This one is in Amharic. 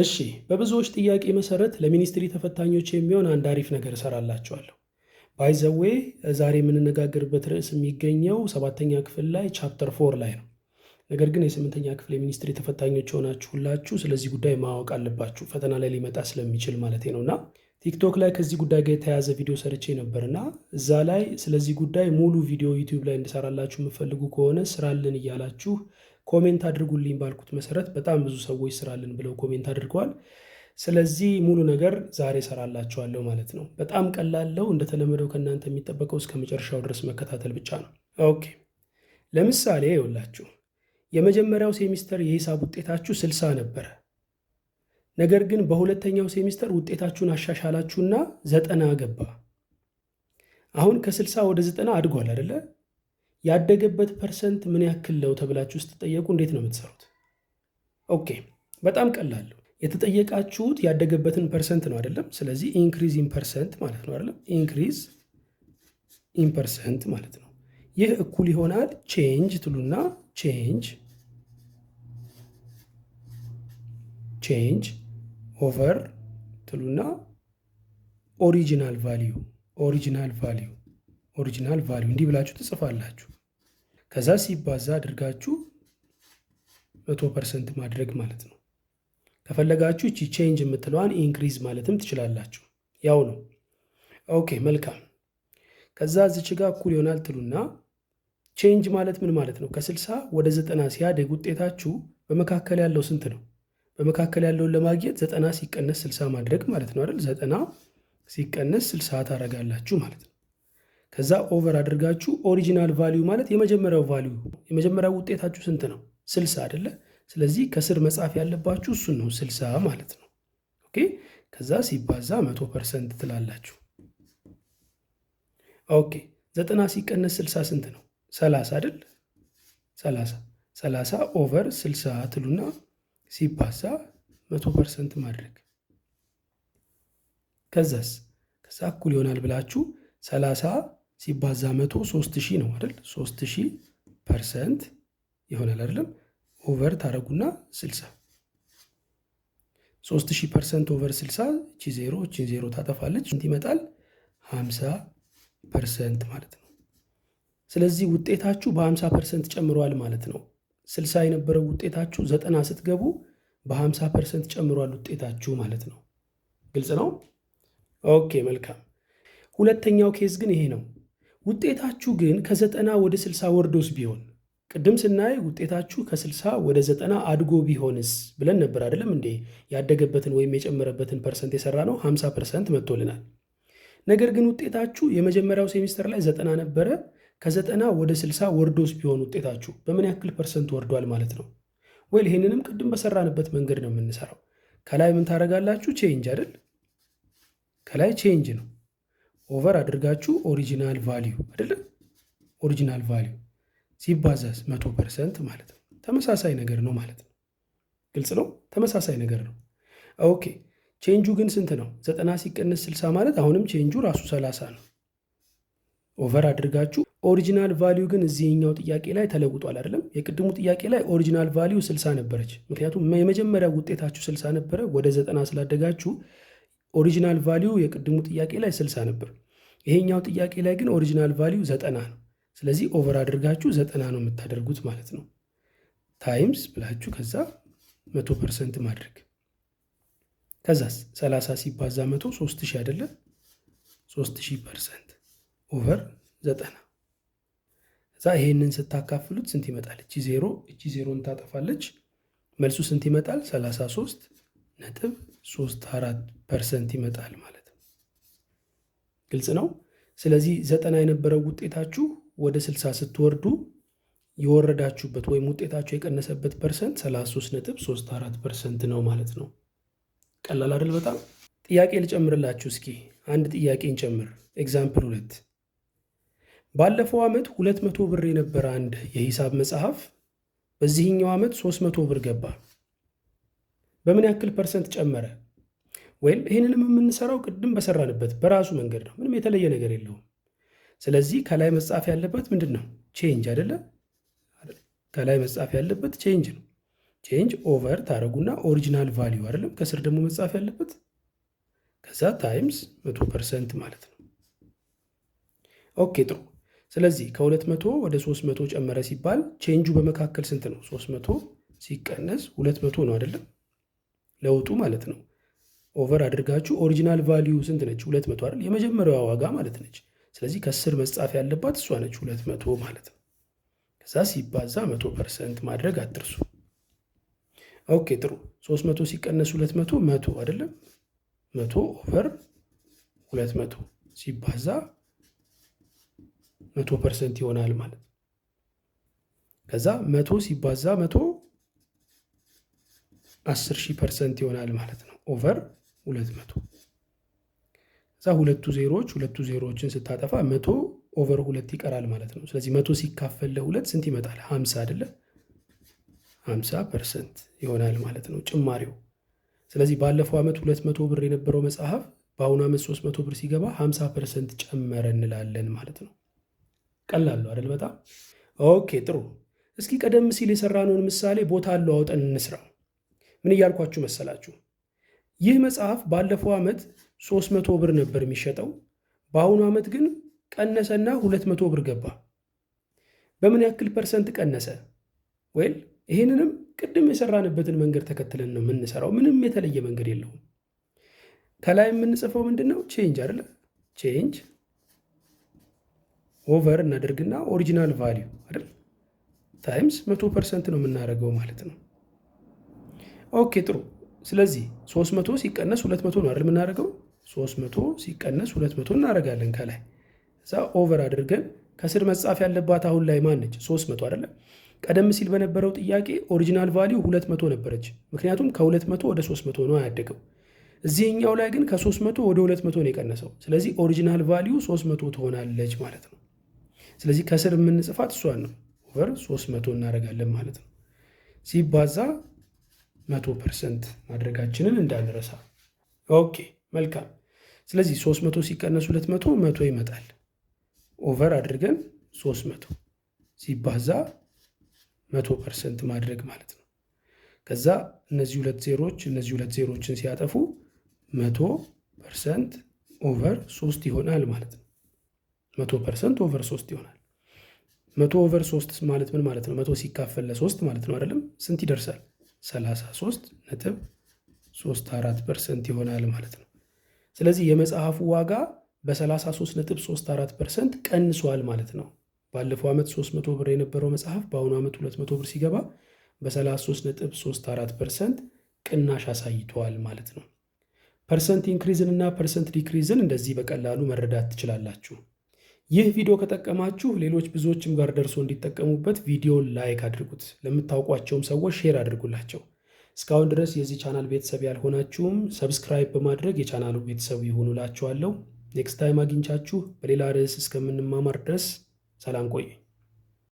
እሺ በብዙዎች ጥያቄ መሰረት ለሚኒስትሪ ተፈታኞች የሚሆን አንድ አሪፍ ነገር እሰራላችኋለሁ። ባይዘዌ ዛሬ የምንነጋገርበት ርዕስ የሚገኘው ሰባተኛ ክፍል ላይ ቻፕተር ፎር ላይ ነው። ነገር ግን የስምንተኛ ክፍል የሚኒስትሪ ተፈታኞች የሆናችሁ ሁላችሁ ስለዚህ ጉዳይ ማወቅ አለባችሁ፣ ፈተና ላይ ሊመጣ ስለሚችል ማለት ነው። እና ቲክቶክ ላይ ከዚህ ጉዳይ ጋር የተያዘ ቪዲዮ ሰርቼ ነበር እና እዛ ላይ ስለዚህ ጉዳይ ሙሉ ቪዲዮ ዩቲዩብ ላይ እንድሰራላችሁ የምፈልጉ ከሆነ ስራልን እያላችሁ ኮሜንት አድርጉልኝ ባልኩት መሰረት በጣም ብዙ ሰዎች ስራልን ብለው ኮሜንት አድርገዋል። ስለዚህ ሙሉ ነገር ዛሬ ሰራላችኋለሁ ማለት ነው። በጣም ቀላለው። እንደተለመደው ከእናንተ የሚጠበቀው እስከ መጨረሻው ድረስ መከታተል ብቻ ነው። ኦኬ ለምሳሌ ይውላችሁ የመጀመሪያው ሴሚስተር የሂሳብ ውጤታችሁ ስልሳ ነበረ። ነገር ግን በሁለተኛው ሴሚስተር ውጤታችሁን አሻሻላችሁና ዘጠና ገባ። አሁን ከስልሳ ወደ ዘጠና አድጓል አይደለ? ያደገበት ፐርሰንት ምን ያክል ነው ተብላችሁ ስትጠየቁ እንዴት ነው የምትሰሩት? ኦኬ በጣም ቀላል የተጠየቃችሁት ያደገበትን ፐርሰንት ነው አይደለም? ስለዚህ ኢንክሪዝ ኢን ፐርሰንት ማለት ነው አይደለም? ኢንክሪዝ ኢን ፐርሰንት ማለት ነው። ይህ እኩል ይሆናል ቼንጅ ትሉና ቼንጅ ቼንጅ ኦቨር ትሉና ኦሪጂናል ቫሊዩ ኦሪጂናል ቫሊዩ ኦሪጂናል ቫሊዩ እንዲህ ብላችሁ ትጽፋላችሁ። ከዛ ሲባዛ አድርጋችሁ መቶ ፐርሰንት ማድረግ ማለት ነው። ከፈለጋችሁ እቺ ቼንጅ የምትለዋን ኢንክሪዝ ማለትም ትችላላችሁ። ያው ነው። ኦኬ መልካም። ከዛ ዝች ጋር እኩል ይሆናል ትሉና ቼንጅ ማለት ምን ማለት ነው? ከስልሳ ወደ ዘጠና ሲያደግ ውጤታችሁ በመካከል ያለው ስንት ነው? በመካከል ያለውን ለማግኘት ዘጠና ሲቀነስ ስልሳ ማድረግ ማለት ነው አይደል? ዘጠና ሲቀነስ ስልሳ ታደርጋላችሁ ማለት ነው። ከዛ ኦቨር አድርጋችሁ ኦሪጂናል ቫሊዩ ማለት የመጀመሪያው ቫሊዩ የመጀመሪያው ውጤታችሁ ስንት ነው? ስልሳ አይደለ? ስለዚህ ከስር መጻፍ ያለባችሁ እሱን ነው ስልሳ ማለት ነው። ኦኬ ከዛ ሲባዛ መቶ ፐርሰንት ትላላችሁ። ኦኬ ዘጠና ሲቀነስ ስልሳ ስንት ነው? ሰላሳ አይደል? ሰላሳ ሰላሳ ኦቨር ስልሳ ትሉና ሲባዛ መቶ ፐርሰንት ማድረግ ከዛስ ከዛ እኩል ይሆናል ብላችሁ ሰላሳ ሲባዛ መቶ ሶስት ሺህ ነው አይደል? ሶስት ሺህ ፐርሰንት ይሆናል አይደለም? ኦቨር ታደረጉና ስልሳ ሶስት ሺህ ፐርሰንት ኦቨር ስልሳ እቺ ዜሮ እቺን ዜሮ ታጠፋለች። እንት ይመጣል ሀምሳ ፐርሰንት ማለት ነው። ስለዚህ ውጤታችሁ በሀምሳ ፐርሰንት ጨምሯል ማለት ነው። ስልሳ የነበረው ውጤታችሁ ዘጠና ስትገቡ በሀምሳ ፐርሰንት ጨምሯል ውጤታችሁ ማለት ነው። ግልጽ ነው። ኦኬ መልካም። ሁለተኛው ኬዝ ግን ይሄ ነው። ውጤታችሁ ግን ከዘጠና ወደ ስልሳ ወርዶስ ቢሆን ቅድም ስናይ ውጤታችሁ ከስልሳ ወደ ዘጠና አድጎ ቢሆንስ ብለን ነበር አይደለም እንዴ? ያደገበትን ወይም የጨመረበትን ፐርሰንት የሰራ ነው 50 ፐርሰንት መጥቶልናል። ነገር ግን ውጤታችሁ የመጀመሪያው ሴሚስተር ላይ ዘጠና ነበረ። ከዘጠና ወደ ስልሳ ወርዶስ ቢሆን ውጤታችሁ በምን ያክል ፐርሰንት ወርዷል ማለት ነው? ወይል ይህንንም ቅድም በሰራንበት መንገድ ነው የምንሰራው። ከላይ ምን ታደርጋላችሁ? ቼንጅ አይደል? ከላይ ቼንጅ ነው ኦቨር አድርጋችሁ ኦሪጂናል ቫሊዩ አይደለ? ኦሪጂናል ቫሊዩ ሲባዛስ መቶ ፐርሰንት ማለት ነው። ተመሳሳይ ነገር ነው ማለት ነው። ግልጽ ነው። ተመሳሳይ ነገር ነው። ኦኬ ቼንጁ ግን ስንት ነው? ዘጠና ሲቀንስ ስልሳ ማለት አሁንም ቼንጁ ራሱ ሰላሳ ነው። ኦቨር አድርጋችሁ ኦሪጂናል ቫሊዩ ግን እዚህኛው ጥያቄ ላይ ተለውጧል አይደለም? የቅድሙ ጥያቄ ላይ ኦሪጂናል ቫሊዩ ስልሳ ነበረች። ምክንያቱም የመጀመሪያ ውጤታችሁ ስልሳ ነበረ፣ ወደ ዘጠና ስላደጋችሁ ኦሪጂናል ቫሊዩ የቅድሙ ጥያቄ ላይ ስልሳ ነበር። ይሄኛው ጥያቄ ላይ ግን ኦሪጂናል ቫሊዩ ዘጠና ነው። ስለዚህ ኦቨር አድርጋችሁ ዘጠና ነው የምታደርጉት ማለት ነው። ታይምስ ብላችሁ ከዛ መቶ ፐርሰንት ማድረግ ከዛስ 30 ሲባዛ መቶ 3000 አይደለ? 3000 ፐርሰንት ኦቨር 90 እዛ ይሄንን ስታካፍሉት ስንት ይመጣል? እቺ ዜሮ እቺ ዜሮን ታጠፋለች። መልሱ ስንት ይመጣል? 33 ነጥብ 34 ፐርሰንት ይመጣል ማለት ነው። ግልጽ ነው። ስለዚህ ዘጠና የነበረው ውጤታችሁ ወደ 60 ስትወርዱ የወረዳችሁበት ወይም ውጤታችሁ የቀነሰበት ፐርሰንት 334 ነው ማለት ነው። ቀላል አይደል? በጣም ጥያቄ ልጨምርላችሁ። እስኪ አንድ ጥያቄ እንጨምር። ኤግዛምፕል ሁለት ባለፈው ዓመት 200 ብር የነበረ አንድ የሂሳብ መጽሐፍ በዚህኛው ዓመት 300 ብር ገባ። በምን ያክል ፐርሰንት ጨመረ? ወይም ይህንንም የምንሰራው ቅድም በሰራንበት በራሱ መንገድ ነው። ምንም የተለየ ነገር የለውም። ስለዚህ ከላይ መጻፍ ያለበት ምንድን ነው? ቼንጅ አይደለም። ከላይ መጻፍ ያለበት ቼንጅ ነው። ቼንጅ ኦቨር ታደረጉና ኦሪጂናል ቫሊዩ አይደለም። ከስር ደግሞ መጻፍ ያለበት ከዛ ታይምስ መቶ ፐርሰንት ማለት ነው። ኦኬ ጥሩ። ስለዚህ ከሁለት መቶ ወደ ሶስት መቶ ጨመረ ሲባል ቼንጁ በመካከል ስንት ነው? ሶስት መቶ ሲቀነስ ሁለት መቶ ነው አይደለም ለውጡ ማለት ነው። ኦቨር አድርጋችሁ ኦሪጂናል ቫሊዩ ስንት ነች? ሁለት መቶ አይደል? የመጀመሪያዋ ዋጋ ማለት ነች። ስለዚህ ከስር መጻፍ ያለባት እሷ ነች፣ ሁለት መቶ ማለት ነው። ከዛ ሲባዛ መቶ ፐርሰንት ማድረግ አትርሱ። ኦኬ ጥሩ። ሶስት መቶ ሲቀነስ ሁለት መቶ መቶ አይደለም? መቶ ኦቨር ሁለት መቶ ሲባዛ መቶ ፐርሰንት ይሆናል ማለት ነው። ከዛ መቶ ሲባዛ መቶ አስር ሺህ ፐርሰንት ይሆናል ማለት ነው። ኦቨር ሁለት መቶ እዛ ሁለቱ ዜሮዎች ሁለቱ ዜሮዎችን ስታጠፋ መቶ ኦቨር ሁለት ይቀራል ማለት ነው። ስለዚህ መቶ ሲካፈል ለሁለት ስንት ይመጣል? ሀምሳ አይደለም ሀምሳ ፐርሰንት ይሆናል ማለት ነው ጭማሪው። ስለዚህ ባለፈው ዓመት ሁለት መቶ ብር የነበረው መጽሐፍ በአሁኑ ዓመት ሶስት መቶ ብር ሲገባ ሀምሳ ፐርሰንት ጨመረ እንላለን ማለት ነው። ቀላሉ አይደል? በጣም ኦኬ ጥሩ። እስኪ ቀደም ሲል የሰራነውን ምሳሌ ቦታ አውጠን እንስራው። ምን እያልኳችሁ መሰላችሁ? ይህ መጽሐፍ ባለፈው ዓመት ሶስት መቶ ብር ነበር የሚሸጠው። በአሁኑ ዓመት ግን ቀነሰና 200 መቶ ብር ገባ። በምን ያክል ፐርሰንት ቀነሰ? ወይም ይህንንም ቅድም የሰራንበትን መንገድ ተከትለን ነው የምንሰራው። ምንም የተለየ መንገድ የለውም። ከላይ የምንጽፈው ምንድን ነው? ቼንጅ አይደለ? ቼንጅ ኦቨር እናደርግና ኦሪጂናል ቫሊዩ አይደል ታይምስ መቶ ፐርሰንት ነው የምናደርገው ማለት ነው። ኦኬ ጥሩ። ስለዚህ 300 ሲቀነስ 200 ነው አይደል የምናደርገው? 300 ሲቀነስ 200 እናደርጋለን ከላይ እዛ ኦቨር አድርገን ከስር መጻፍ ያለባት አሁን ላይ ማነች? 300 አይደለም። ቀደም ሲል በነበረው ጥያቄ ኦሪጂናል ቫሊው 200 ነበረች። ምክንያቱም ከ200 ወደ 300 ነው ያደገው። እዚህኛው ላይ ግን ከ300 ወደ 200 ነው የቀነሰው። ስለዚህ ኦሪጂናል ቫሊው 300 ትሆናለች ማለት ነው። ስለዚህ ከስር የምንጽፋት እሷን ነው። ኦቨር 300 እናደርጋለን ማለት ነው ሲባዛ መቶ ፐርሰንት ማድረጋችንን እንዳንረሳ። ኦኬ መልካም። ስለዚህ ሶስት መቶ ሲቀነስ ሁለት መቶ መቶ ይመጣል። ኦቨር አድርገን 300 መቶ ሲባዛ መቶ ፐርሰንት ማድረግ ማለት ነው። ከዛ እነዚህ ሁለት ዜሮች እነዚህ ሁለት ዜሮችን ሲያጠፉ መቶ ፐርሰንት ኦቨር ሶስት ይሆናል ማለት ነው። መቶ ፐርሰንት ኦቨር ሶስት ይሆናል። መቶ ኦቨር ሶስት ማለት ምን ማለት ነው? መቶ ሲካፈል ለሶስት ማለት ነው አይደለም? ስንት ይደርሳል? 33.34 ፐርሰንት ይሆናል ማለት ነው። ስለዚህ የመጽሐፉ ዋጋ በ 3334 ፐርሰንት ቀንሷል ማለት ነው። ባለፈው ዓመት 300 ብር የነበረው መጽሐፍ በአሁኑ ዓመት 200 ብር ሲገባ በ 3334 ፐርሰንት ቅናሽ አሳይቷል ማለት ነው። ፐርሰንት ኢንክሪዝን እና ፐርሰንት ዲክሪዝን እንደዚህ በቀላሉ መረዳት ትችላላችሁ። ይህ ቪዲዮ ከጠቀማችሁ ሌሎች ብዙዎችም ጋር ደርሶ እንዲጠቀሙበት ቪዲዮ ላይክ አድርጉት። ለምታውቋቸውም ሰዎች ሼር አድርጉላቸው። እስካሁን ድረስ የዚህ ቻናል ቤተሰብ ያልሆናችሁም ሰብስክራይብ በማድረግ የቻናሉ ቤተሰብ ይሁኑ እላችኋለሁ። ኔክስት ታይም አግኝቻችሁ በሌላ ርዕስ እስከምንማማር ድረስ ሰላም ቆዩኝ